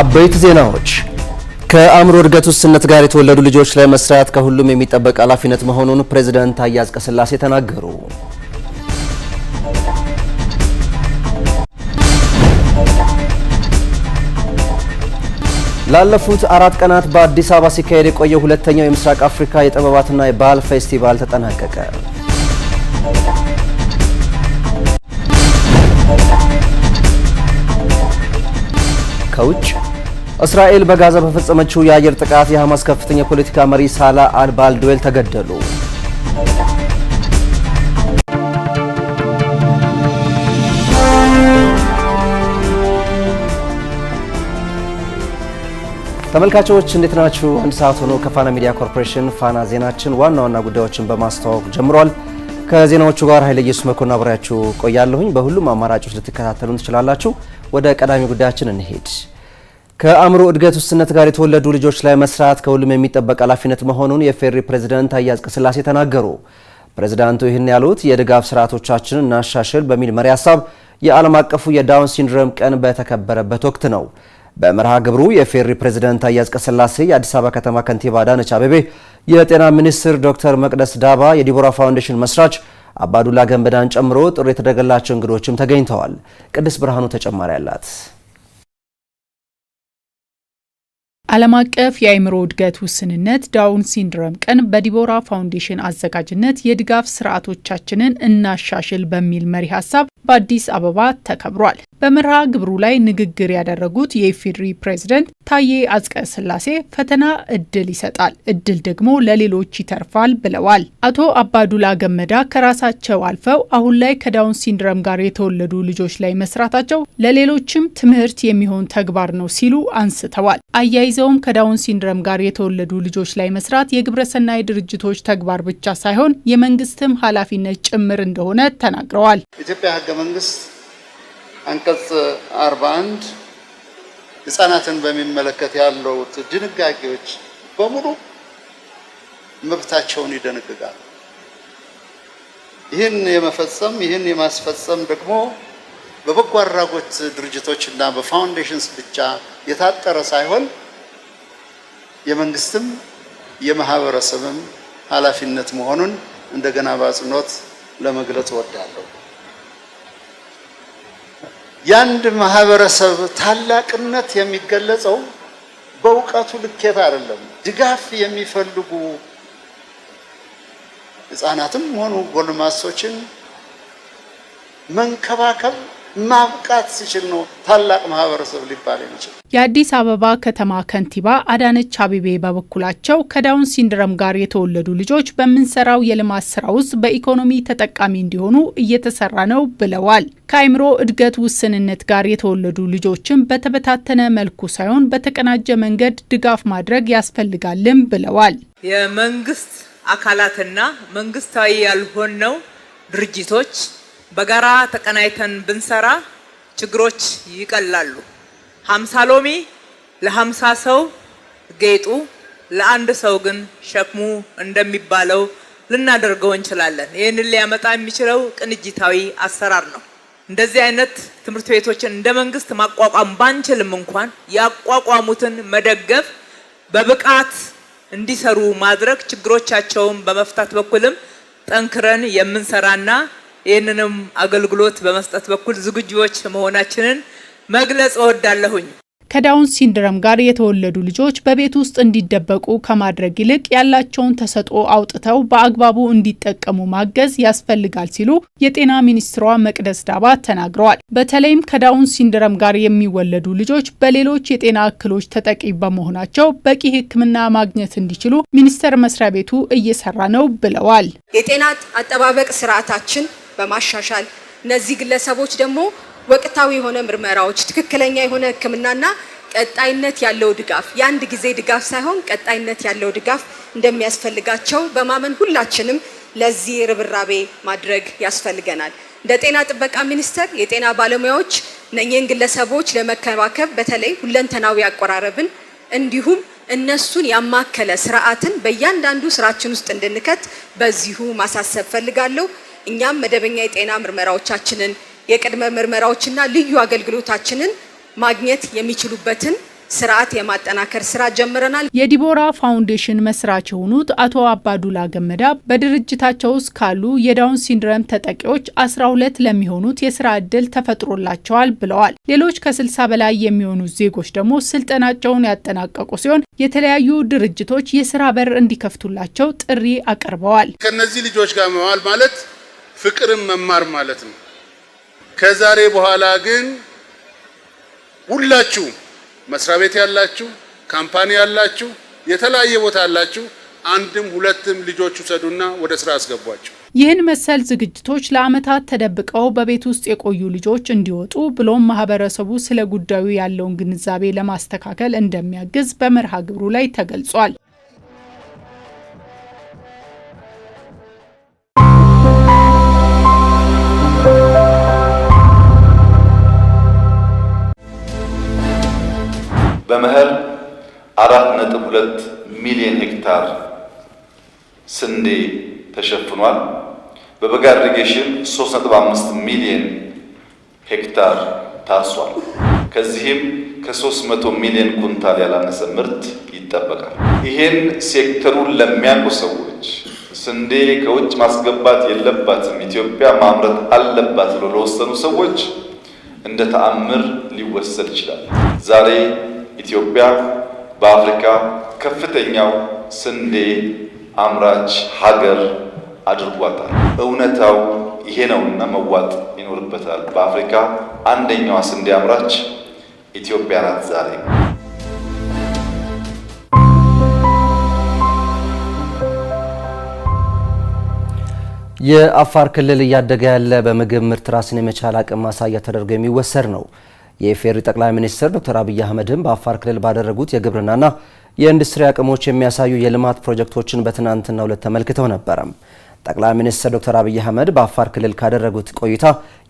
አበይት ዜናዎች ከአእምሮ እድገት ውስንነት ጋር የተወለዱ ልጆች ላይ መስራት ከሁሉም የሚጠበቅ ኃላፊነት መሆኑን ፕሬዝዳንት ታዬ አጽቀሥላሴ ተናገሩ። ላለፉት አራት ቀናት በአዲስ አበባ ሲካሄድ የቆየው ሁለተኛው የምስራቅ አፍሪካ የጥበባትና የባህል ፌስቲቫል ተጠናቀቀ። ከውጭ እስራኤል በጋዛ በፈጸመችው የአየር ጥቃት የሐማስ ከፍተኛ የፖለቲካ መሪ ሳላ አልባልዶዌል ተገደሉ። ተመልካቾች እንዴት ናችሁ? አንድ ሰዓት ሆኖ ከፋና ሚዲያ ኮርፖሬሽን ፋና ዜናችን ዋና ዋና ጉዳዮችን በማስተዋወቅ ጀምሯል። ከዜናዎቹ ጋር ኃይለ ኢየሱስ መኮንን አብሬያችሁ ቆያለሁኝ። በሁሉም አማራጮች ልትከታተሉን ትችላላችሁ። ወደ ቀዳሚ ጉዳያችን እንሄድ። ከአእምሮ እድገት ውስንነት ጋር የተወለዱ ልጆች ላይ መስራት ከሁሉም የሚጠበቅ ኃላፊነት መሆኑን የፌሪ ፕሬዚደንት ታዬ አጽቀሥላሴ ተናገሩ። ፕሬዝዳንቱ ይህን ያሉት የድጋፍ ስርዓቶቻችን እናሻሽል በሚል መሪ ሀሳብ የዓለም አቀፉ የዳውን ሲንድሮም ቀን በተከበረበት ወቅት ነው። በመርሃ ግብሩ የፌሪ ፕሬዚደንት ታዬ አጽቀሥላሴ፣ የአዲስ አበባ ከተማ ከንቲባ አዳነች አቤቤ፣ የጤና ሚኒስትር ዶክተር መቅደስ ዳባ፣ የዲቦራ ፋውንዴሽን መስራች አባዱላ ገንበዳን ጨምሮ ጥሪ የተደረገላቸው እንግዶችም ተገኝተዋል። ቅድስት ብርሃኑ ተጨማሪ አላት። ዓለም አቀፍ የአእምሮ እድገት ውስንነት ዳውን ሲንድረም ቀን በዲቦራ ፋውንዴሽን አዘጋጅነት የድጋፍ ስርዓቶቻችንን እናሻሽል በሚል መሪ ሀሳብ በአዲስ አበባ ተከብሯል። በመርሃ ግብሩ ላይ ንግግር ያደረጉት የኢፌዴሪ ፕሬዝደንት ታዬ አጽቀ ስላሴ ፈተና እድል ይሰጣል፣ እድል ደግሞ ለሌሎች ይተርፋል ብለዋል። አቶ አባዱላ ገመዳ ከራሳቸው አልፈው አሁን ላይ ከዳውን ሲንድረም ጋር የተወለዱ ልጆች ላይ መስራታቸው ለሌሎችም ትምህርት የሚሆን ተግባር ነው ሲሉ አንስተዋል። አያይዘውም ከዳውን ሲንድረም ጋር የተወለዱ ልጆች ላይ መስራት የግብረሰናይ ድርጅቶች ተግባር ብቻ ሳይሆን የመንግስትም ኃላፊነት ጭምር እንደሆነ ተናግረዋል። ኢትዮጵያ ህገ መንግስት አንቀጽ 41 ህጻናትን በሚመለከት ያሉት ድንጋጌዎች በሙሉ መብታቸውን ይደነግጋል። ይህን የመፈጸም ይህን የማስፈጸም ደግሞ በበጎ አድራጎት ድርጅቶች እና በፋውንዴሽንስ ብቻ የታጠረ ሳይሆን የመንግስትም የማህበረሰብም ኃላፊነት መሆኑን እንደገና በአጽንኦት ለመግለጽ እወዳለሁ። የአንድ ማህበረሰብ ታላቅነት የሚገለጸው በእውቀቱ ልኬት አይደለም። ድጋፍ የሚፈልጉ ህጻናትም ሆኑ ጎልማሶችን መንከባከብ ማብቃት ሲችል ነው ታላቅ ማህበረሰብ ሊባል የሚችል። የአዲስ አበባ ከተማ ከንቲባ አዳነች አቤቤ በበኩላቸው ከዳውን ሲንድረም ጋር የተወለዱ ልጆች በምንሰራው የልማት ስራ ውስጥ በኢኮኖሚ ተጠቃሚ እንዲሆኑ እየተሰራ ነው ብለዋል። ከአይምሮ እድገት ውስንነት ጋር የተወለዱ ልጆችን በተበታተነ መልኩ ሳይሆን በተቀናጀ መንገድ ድጋፍ ማድረግ ያስፈልጋልም ብለዋል። የመንግስት አካላትና መንግስታዊ ያልሆነው ድርጅቶች በጋራ ተቀናይተን ብንሰራ ችግሮች ይቀላሉ። ሀምሳ ሎሚ ለሀምሳ ሰው ጌጡ ለአንድ ሰው ግን ሸክሙ እንደሚባለው ልናደርገው እንችላለን። ይህንን ሊያመጣ የሚችለው ቅንጅታዊ አሰራር ነው። እንደዚህ አይነት ትምህርት ቤቶችን እንደ መንግስት ማቋቋም ባንችልም እንኳን ያቋቋሙትን መደገፍ፣ በብቃት እንዲሰሩ ማድረግ፣ ችግሮቻቸውን በመፍታት በኩልም ጠንክረን የምንሰራና ይህንንም አገልግሎት በመስጠት በኩል ዝግጁዎች መሆናችንን መግለጽ እወዳለሁኝ። ከዳውን ሲንድረም ጋር የተወለዱ ልጆች በቤት ውስጥ እንዲደበቁ ከማድረግ ይልቅ ያላቸውን ተሰጥኦ አውጥተው በአግባቡ እንዲጠቀሙ ማገዝ ያስፈልጋል ሲሉ የጤና ሚኒስትሯ መቅደስ ዳባ ተናግረዋል። በተለይም ከዳውን ሲንድረም ጋር የሚወለዱ ልጆች በሌሎች የጤና እክሎች ተጠቂ በመሆናቸው በቂ ሕክምና ማግኘት እንዲችሉ ሚኒስቴር መስሪያ ቤቱ እየሰራ ነው ብለዋል። የጤና አጠባበቅ ስርዓታችን በማሻሻል እነዚህ ግለሰቦች ደግሞ ወቅታዊ የሆነ ምርመራዎች፣ ትክክለኛ የሆነ ሕክምናና ቀጣይነት ያለው ድጋፍ የአንድ ጊዜ ድጋፍ ሳይሆን ቀጣይነት ያለው ድጋፍ እንደሚያስፈልጋቸው በማመን ሁላችንም ለዚህ ርብራቤ ማድረግ ያስፈልገናል። እንደ ጤና ጥበቃ ሚኒስቴር የጤና ባለሙያዎች እነኚህን ግለሰቦች ለመከባከብ በተለይ ሁለንተናዊ አቆራረብን እንዲሁም እነሱን ያማከለ ስርዓትን በእያንዳንዱ ስራችን ውስጥ እንድንከት በዚሁ ማሳሰብ ፈልጋለሁ። እኛም መደበኛ የጤና ምርመራዎቻችንን የቅድመ ምርመራዎችና ልዩ አገልግሎታችንን ማግኘት የሚችሉበትን ስርዓት የማጠናከር ስራ ጀምረናል። የዲቦራ ፋውንዴሽን መስራች የሆኑት አቶ አባዱላ ገመዳ በድርጅታቸው ውስጥ ካሉ የዳውን ሲንድረም ተጠቂዎች 12 ለሚሆኑት የስራ እድል ተፈጥሮላቸዋል ብለዋል። ሌሎች ከ60 በላይ የሚሆኑት ዜጎች ደግሞ ስልጠናቸውን ያጠናቀቁ ሲሆን የተለያዩ ድርጅቶች የስራ በር እንዲከፍቱላቸው ጥሪ አቅርበዋል። ከነዚህ ልጆች ጋር መዋል ማለት ፍቅርን መማር ማለት ነው። ከዛሬ በኋላ ግን ሁላችሁ መስሪያ ቤት ያላችሁ፣ ካምፓኒ ያላችሁ፣ የተለያየ ቦታ ያላችሁ አንድም ሁለትም ልጆች ውሰዱና ወደ ስራ አስገቧቸው። ይህን መሰል ዝግጅቶች ለዓመታት ተደብቀው በቤት ውስጥ የቆዩ ልጆች እንዲወጡ ብሎም ማህበረሰቡ ስለ ጉዳዩ ያለውን ግንዛቤ ለማስተካከል እንደሚያግዝ በመርሃ ግብሩ ላይ ተገልጿል። አራት ነጥብ ሁለት ሚሊዮን ሄክታር ስንዴ ተሸፍኗል። በበጋ ኢሪጌሽን 3.5 ሚሊዮን ሄክታር ታርሷል። ከዚህም ከ300 ሚሊዮን ኩንታል ያላነሰ ምርት ይጠበቃል። ይህን ሴክተሩን ለሚያውቁ ሰዎች ስንዴ ከውጭ ማስገባት የለባትም ኢትዮጵያ ማምረት አለባት ብሎ ለወሰኑ ሰዎች እንደ ተአምር ሊወሰድ ይችላል። ዛሬ ኢትዮጵያ በአፍሪካ ከፍተኛው ስንዴ አምራች ሀገር አድርጓታል። እውነታው ይሄ ነውና መዋጥ ይኖርበታል። በአፍሪካ አንደኛዋ ስንዴ አምራች ኢትዮጵያ ናት ዛሬ። የአፋር ክልል እያደገ ያለ በምግብ ምርት ራስን የመቻል አቅም ማሳያ ተደርጎ የሚወሰድ ነው። የኢፌዴሪ ጠቅላይ ሚኒስትር ዶክተር አብይ አህመድም በአፋር ክልል ባደረጉት የግብርናና የኢንዱስትሪ አቅሞች የሚያሳዩ የልማት ፕሮጀክቶችን በትናንትናው ዕለት ተመልክተው ነበረ። ጠቅላይ ሚኒስትር ዶክተር አብይ አህመድ በአፋር ክልል ካደረጉት ቆይታ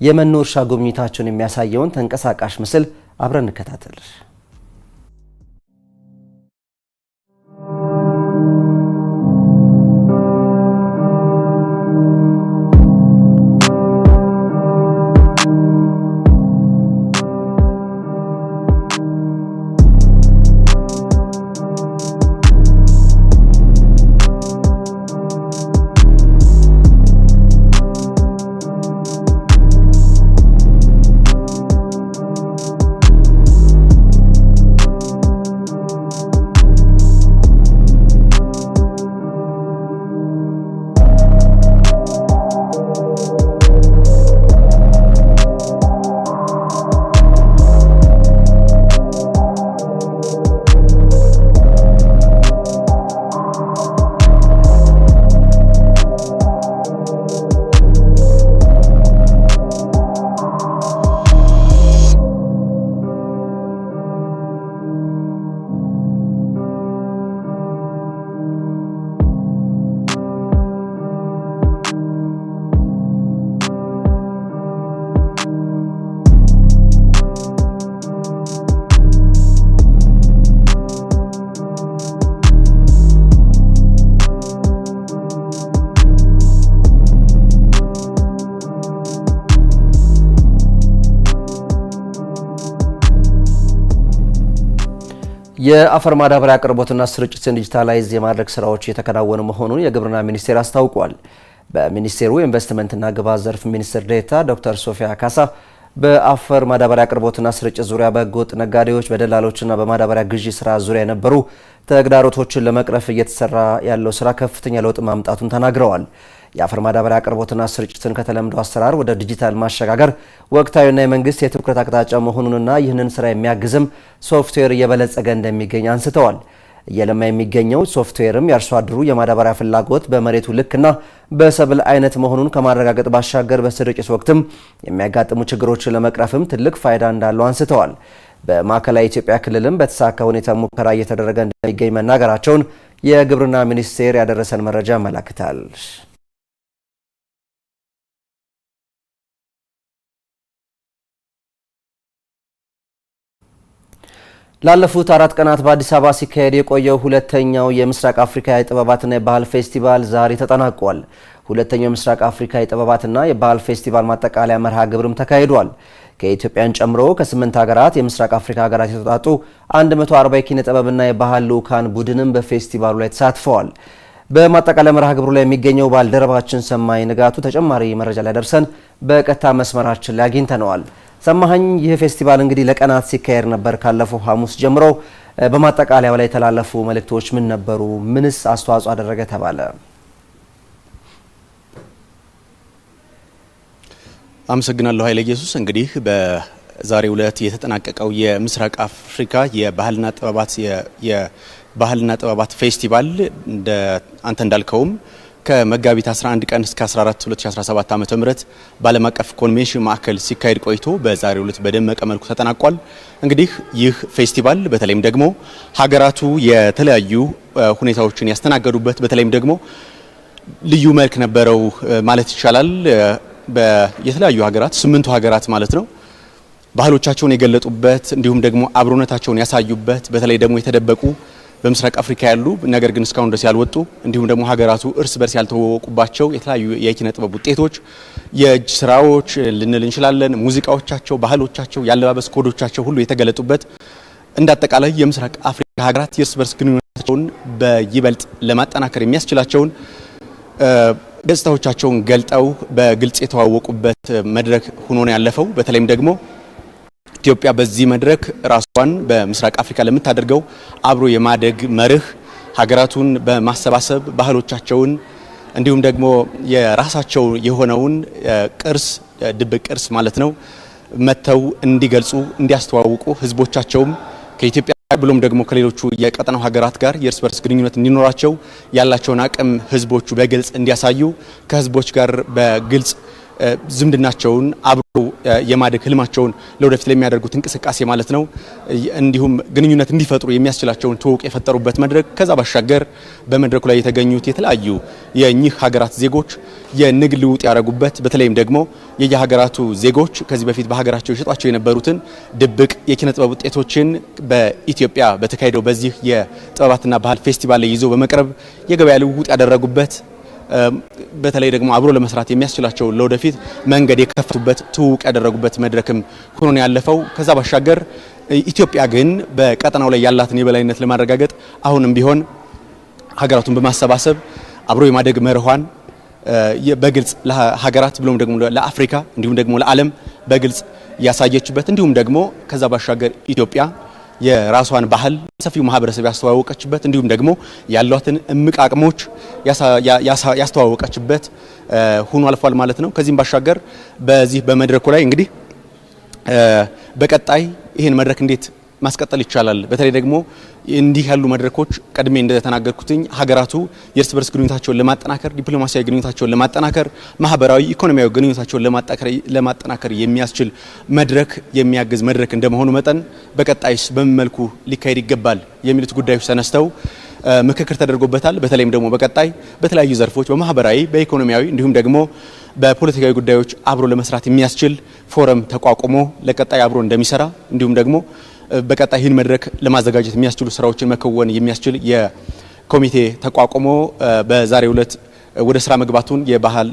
የመኖ እርሻ ጉብኝታቸውን የሚያሳየውን ተንቀሳቃሽ ምስል አብረን እንከታተል። የአፈር ማዳበሪያ አቅርቦትና ስርጭትን ዲጂታላይዝ የማድረግ ስራዎች እየተከናወኑ መሆኑን የግብርና ሚኒስቴር አስታውቋል። በሚኒስቴሩ ኢንቨስትመንትና ግብዓት ዘርፍ ሚኒስትር ዴኤታ ዶክተር ሶፊያ ካሳ በአፈር ማዳበሪያ አቅርቦትና ስርጭት ዙሪያ በህገወጥ ነጋዴዎች፣ በደላሎችና በማዳበሪያ ግዢ ስራ ዙሪያ የነበሩ ተግዳሮቶችን ለመቅረፍ እየተሰራ ያለው ስራ ከፍተኛ ለውጥ ማምጣቱን ተናግረዋል። የአፈር ማዳበሪያ አቅርቦትና ስርጭትን ከተለምዶ አሰራር ወደ ዲጂታል ማሸጋገር ወቅታዊና የመንግስት የትኩረት አቅጣጫ መሆኑንና ይህንን ስራ የሚያግዝም ሶፍትዌር እየበለጸገ እንደሚገኝ አንስተዋል። እየለማ የሚገኘው ሶፍትዌርም የአርሶ አደሩ የማዳበሪያ ፍላጎት በመሬቱ ልክና በሰብል አይነት መሆኑን ከማረጋገጥ ባሻገር በስርጭት ወቅትም የሚያጋጥሙ ችግሮችን ለመቅረፍም ትልቅ ፋይዳ እንዳለው አንስተዋል። በማዕከላዊ ኢትዮጵያ ክልልም በተሳካ ሁኔታ ሙከራ እየተደረገ እንደሚገኝ መናገራቸውን የግብርና ሚኒስቴር ያደረሰን መረጃ ያመላክታል። ላለፉት አራት ቀናት በአዲስ አበባ ሲካሄድ የቆየው ሁለተኛው የምስራቅ አፍሪካ የጥበባትና የባህል ፌስቲቫል ዛሬ ተጠናቋል። ሁለተኛው የምስራቅ አፍሪካ የጥበባትና የባህል ፌስቲቫል ማጠቃለያ መርሃ ግብርም ተካሂዷል። ከኢትዮጵያን ጨምሮ ከስምንት ሀገራት የምስራቅ አፍሪካ ሀገራት የተውጣጡ 140 የኪነ ጥበብና የባህል ልዑካን ቡድንም በፌስቲቫሉ ላይ ተሳትፈዋል። በማጠቃለያ መርሃ ግብሩ ላይ የሚገኘው ባልደረባችን ሰማይ ንጋቱ ተጨማሪ መረጃ ላይ ደርሰን በቀጥታ መስመራችን ላይ አግኝተነዋል። ሰማኸኝ ይህ ፌስቲቫል እንግዲህ ለቀናት ሲካሄድ ነበር ካለፈው ሐሙስ ጀምሮ። በማጠቃለያው ላይ የተላለፉ መልእክቶች ምን ነበሩ? ምንስ አስተዋጽኦ አደረገ ተባለ? አመሰግናለሁ ኃይለ ኢየሱስ። እንግዲህ በዛሬው ዕለት የተጠናቀቀው የምስራቅ አፍሪካ የባህልና ጥበባት የባህልና ጥበባት ፌስቲቫል አንተ እንዳልከውም ከመጋቢት 11 ቀን እስከ 14 2017 ዓ.ም በዓለም አቀፍ ኮንቬንሽን ማዕከል ሲካሄድ ቆይቶ በዛሬው ዕለት በደመቀ መልኩ ተጠናቋል። እንግዲህ ይህ ፌስቲቫል በተለይም ደግሞ ሀገራቱ የተለያዩ ሁኔታዎችን ያስተናገዱበት በተለይም ደግሞ ልዩ መልክ ነበረው ማለት ይቻላል። የተለያዩ ሀገራት ስምንቱ ሀገራት ማለት ነው ባህሎቻቸውን የገለጡበት እንዲሁም ደግሞ አብሮነታቸውን ያሳዩበት በተለይ ደግሞ የተደበቁ በምስራቅ አፍሪካ ያሉ ነገር ግን እስካሁን ድረስ ያልወጡ እንዲሁም ደግሞ ሀገራቱ እርስ በርስ ያልተዋወቁባቸው የተለያዩ የኪነ ጥበብ ውጤቶች፣ የእጅ ስራዎች ልንል እንችላለን። ሙዚቃዎቻቸው፣ ባህሎቻቸው፣ የአለባበስ ኮዶቻቸው ሁሉ የተገለጡበት እንደ አጠቃላይ የምስራቅ አፍሪካ ሀገራት የእርስ በርስ ግንኙነታቸውን በይበልጥ ለማጠናከር የሚያስችላቸውን ገጽታዎቻቸውን ገልጠው በግልጽ የተዋወቁበት መድረክ ሆኖ ነው ያለፈው። በተለይም ደግሞ ኢትዮጵያ በዚህ መድረክ ራሷን በምስራቅ አፍሪካ ለምታደርገው አብሮ የማደግ መርህ ሀገራቱን በማሰባሰብ ባህሎቻቸውን እንዲሁም ደግሞ የራሳቸው የሆነውን ቅርስ ድብቅ ቅርስ ማለት ነው መጥተው እንዲገልጹ እንዲያስተዋውቁ ህዝቦቻቸውም ከኢትዮጵያ ብሎም ደግሞ ከሌሎቹ የቀጠናው ሀገራት ጋር የእርስ በርስ ግንኙነት እንዲኖራቸው ያላቸውን አቅም ህዝቦቹ በግልጽ እንዲያሳዩ ከህዝቦች ጋር በግልጽ ዝምድናቸውን አብሮ የማደግ ህልማቸውን ለወደፊት ለሚያደርጉት እንቅስቃሴ ማለት ነው፣ እንዲሁም ግንኙነት እንዲፈጥሩ የሚያስችላቸውን ትውውቅ የፈጠሩበት መድረክ። ከዛ ባሻገር በመድረኩ ላይ የተገኙት የተለያዩ የእኚህ ሀገራት ዜጎች የንግድ ልውውጥ ያደረጉበት በተለይም ደግሞ የየሀገራቱ ዜጎች ከዚህ በፊት በሀገራቸው የሸጧቸው የነበሩትን ድብቅ የኪነ ጥበብ ውጤቶችን በኢትዮጵያ በተካሄደው በዚህ የጥበባትና ባህል ፌስቲቫል ላይ ይዞ በመቅረብ የገበያ ልውውጥ ያደረጉበት በተለይ ደግሞ አብሮ ለመስራት የሚያስችላቸው ለወደፊት መንገድ የከፈቱበት ትውውቅ ያደረጉበት መድረክም ሆኖ ያለፈው። ከዛ ባሻገር ኢትዮጵያ ግን በቀጠናው ላይ ያላትን የበላይነት ለማረጋገጥ አሁንም ቢሆን ሀገራቱን በማሰባሰብ አብሮ የማደግ መርኋን በግልጽ ለሀገራት ብሎም ደግሞ ለአፍሪካ እንዲሁም ደግሞ ለዓለም በግልጽ ያሳየችበት እንዲሁም ደግሞ ከዛ ባሻገር ኢትዮጵያ የራሷን ባህል ሰፊው ማህበረሰብ ያስተዋወቀችበት እንዲሁም ደግሞ ያሏትን እምቅ አቅሞች ያስተዋወቀችበት ሁኖ አልፏል ማለት ነው። ከዚህም ባሻገር በዚህ በመድረኩ ላይ እንግዲህ በቀጣይ ይህን መድረክ እንዴት ማስቀጠል ይቻላል። በተለይ ደግሞ እንዲህ ያሉ መድረኮች ቀድሜ እንደተናገርኩትኝ ሀገራቱ የእርስ በርስ ግንኙነታቸውን ለማጠናከር ዲፕሎማሲያዊ ግንኙነታቸውን ለማጠናከር ማህበራዊ፣ ኢኮኖሚያዊ ግንኙነታቸውን ለማጠናከር የሚያስችል መድረክ የሚያግዝ መድረክ እንደመሆኑ መጠን በቀጣይስ በምን መልኩ ሊካሄድ ይገባል የሚሉት ጉዳዮች ተነስተው ምክክር ተደርጎበታል። በተለይም ደግሞ በቀጣይ በተለያዩ ዘርፎች በማህበራዊ፣ በኢኮኖሚያዊ እንዲሁም ደግሞ በፖለቲካዊ ጉዳዮች አብሮ ለመስራት የሚያስችል ፎረም ተቋቁሞ ለቀጣይ አብሮ እንደሚሰራ እንዲሁም ደግሞ በቀጣይ ይህን መድረክ ለማዘጋጀት የሚያስችሉ ስራዎችን መከወን የሚያስችል የኮሚቴ ተቋቁሞ በዛሬው ዕለት ወደ ስራ መግባቱን የባህል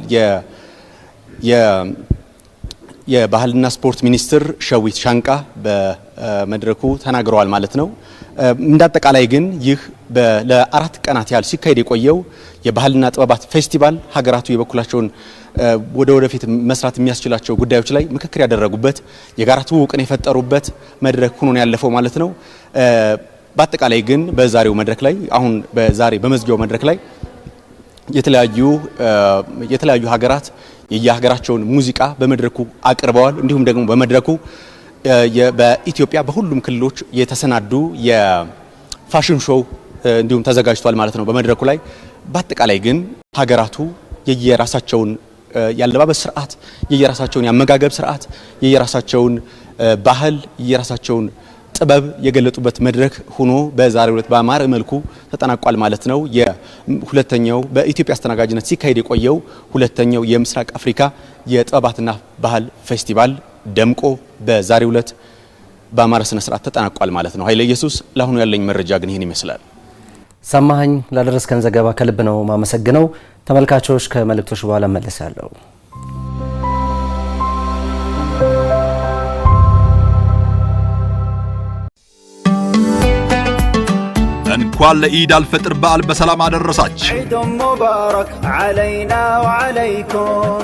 የባህልና ስፖርት ሚኒስትር ሸዊት ሻንቃ በመድረኩ ተናግረዋል ማለት ነው። እንዳጠቃላይ ግን ይህ ለአራት ቀናት ያህል ሲካሄድ የቆየው የባህልና ጥበባት ፌስቲቫል ሀገራቱ የበኩላቸውን ወደ ወደፊት መስራት የሚያስችላቸው ጉዳዮች ላይ ምክክር ያደረጉበት የጋራ ትውውቅን የፈጠሩበት መድረክ ሆኖ ያለፈው ማለት ነው። በአጠቃላይ ግን በዛሬው መድረክ ላይ አሁን በዛሬ በመዝጊያው መድረክ ላይ የተለያዩ የተለያዩ ሀገራት የየሀገራቸውን ሙዚቃ በመድረኩ አቅርበዋል። እንዲሁም ደግሞ በመድረኩ በኢትዮጵያ በሁሉም ክልሎች የተሰናዱ የፋሽን ሾው እንዲሁም ተዘጋጅቷል ማለት ነው በመድረኩ ላይ። በአጠቃላይ ግን ሀገራቱ የየራሳቸውን ያለባበስ ስርዓት፣ የየራሳቸውን የአመጋገብ ስርዓት፣ የየራሳቸውን ባህል፣ የየራሳቸውን ጥበብ የገለጡበት መድረክ ሆኖ በዛሬው ዕለት በአማረ መልኩ ተጠናቋል ማለት ነው። የሁለተኛው በኢትዮጵያ አስተናጋጅነት ሲካሄድ የቆየው ሁለተኛው የምስራቅ አፍሪካ የጥበባትና ባህል ፌስቲቫል ደምቆ በዛሬው ዕለት በአማረ ስነ ስርዓት ተጠናቋል ማለት ነው። ኃይለ ኢየሱስ፣ ለአሁኑ ያለኝ መረጃ ግን ይህን ይመስላል። ሰማኸኝ፣ ላደረስከን ዘገባ ከልብ ነው ማመሰግነው። ተመልካቾች ከመልእክቶች በኋላ መለሳለሁ። እንኳን ለኢድ አልፈጥር በዓል በሰላም አደረሳች።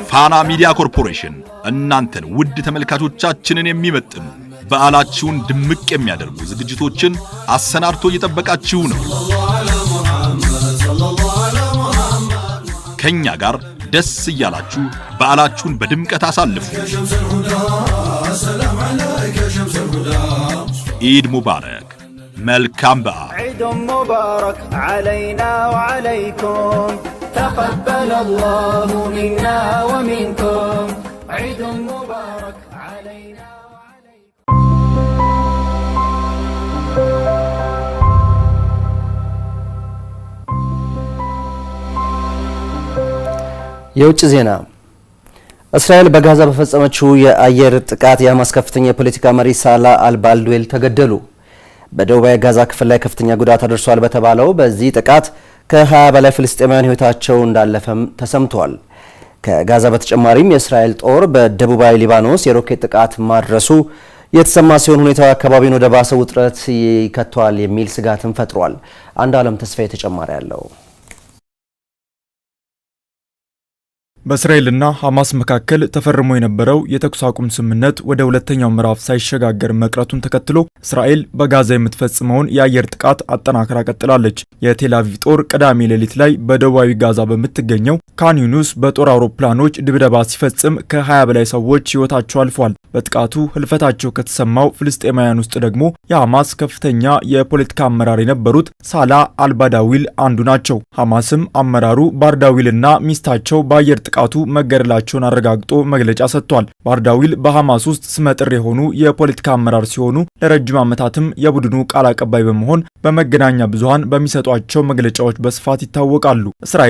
ፋና ሚዲያ ኮርፖሬሽን እናንተን ውድ ተመልካቾቻችንን የሚመጥን በዓላችሁን ድምቅ የሚያደርጉ ዝግጅቶችን አሰናድቶ እየጠበቃችሁ ነው። ከእኛ ጋር ደስ እያላችሁ በዓላችሁን በድምቀት አሳልፉ። ኢድ ሙባረክ። መልካም በዓል። ሙባረክ ዓለይና ወዓለይኩም ተቀበለ አላሁ ሚና ወሚንኩም ሙባረክ ዓለይና የውጭ ዜና እስራኤል በጋዛ በፈጸመችው የአየር ጥቃት የሐማስ ከፍተኛ የፖለቲካ መሪ ሳላ አልባልድዌል ተገደሉ። በደቡባዊ ጋዛ ክፍል ላይ ከፍተኛ ጉዳት አድርሷል በተባለው በዚህ ጥቃት ከ20 በላይ ፍልስጤማውያን ህይወታቸው እንዳለፈም ተሰምቷል። ከጋዛ በተጨማሪም የእስራኤል ጦር በደቡባዊ ሊባኖስ የሮኬት ጥቃት ማድረሱ የተሰማ ሲሆን ሁኔታው አካባቢውን ወደ ባሰ ውጥረት ይከቷል የሚል ስጋትም ፈጥሯል። አንድ ዓለም ተስፋዬ ተጨማሪ አለው። በእስራኤልና ሐማስ መካከል ተፈርሞ የነበረው የተኩስ አቁም ስምምነት ወደ ሁለተኛው ምዕራፍ ሳይሸጋገር መቅረቱን ተከትሎ እስራኤል በጋዛ የምትፈጽመውን የአየር ጥቃት አጠናክራ ቀጥላለች። የቴል አቪቭ ጦር ቅዳሜ ሌሊት ላይ በደቡባዊ ጋዛ በምትገኘው ካን ዩኒስ በጦር አውሮፕላኖች ድብደባ ሲፈጽም ከ20 በላይ ሰዎች ሕይወታቸው አልፏል። በጥቃቱ ህልፈታቸው ከተሰማው ፍልስጤማውያን ውስጥ ደግሞ የሐማስ ከፍተኛ የፖለቲካ አመራር የነበሩት ሳላ አልባዳዊል አንዱ ናቸው። ሐማስም አመራሩ ባርዳዊልና ሚስታቸው በአየር በጥቃቱ መገደላቸውን አረጋግጦ መግለጫ ሰጥቷል። ባርዳዊል በሐማስ ውስጥ ስመጥር የሆኑ የፖለቲካ አመራር ሲሆኑ ለረጅም ዓመታትም የቡድኑ ቃል አቀባይ በመሆን በመገናኛ ብዙሃን በሚሰጧቸው መግለጫዎች በስፋት ይታወቃሉ። እስራኤል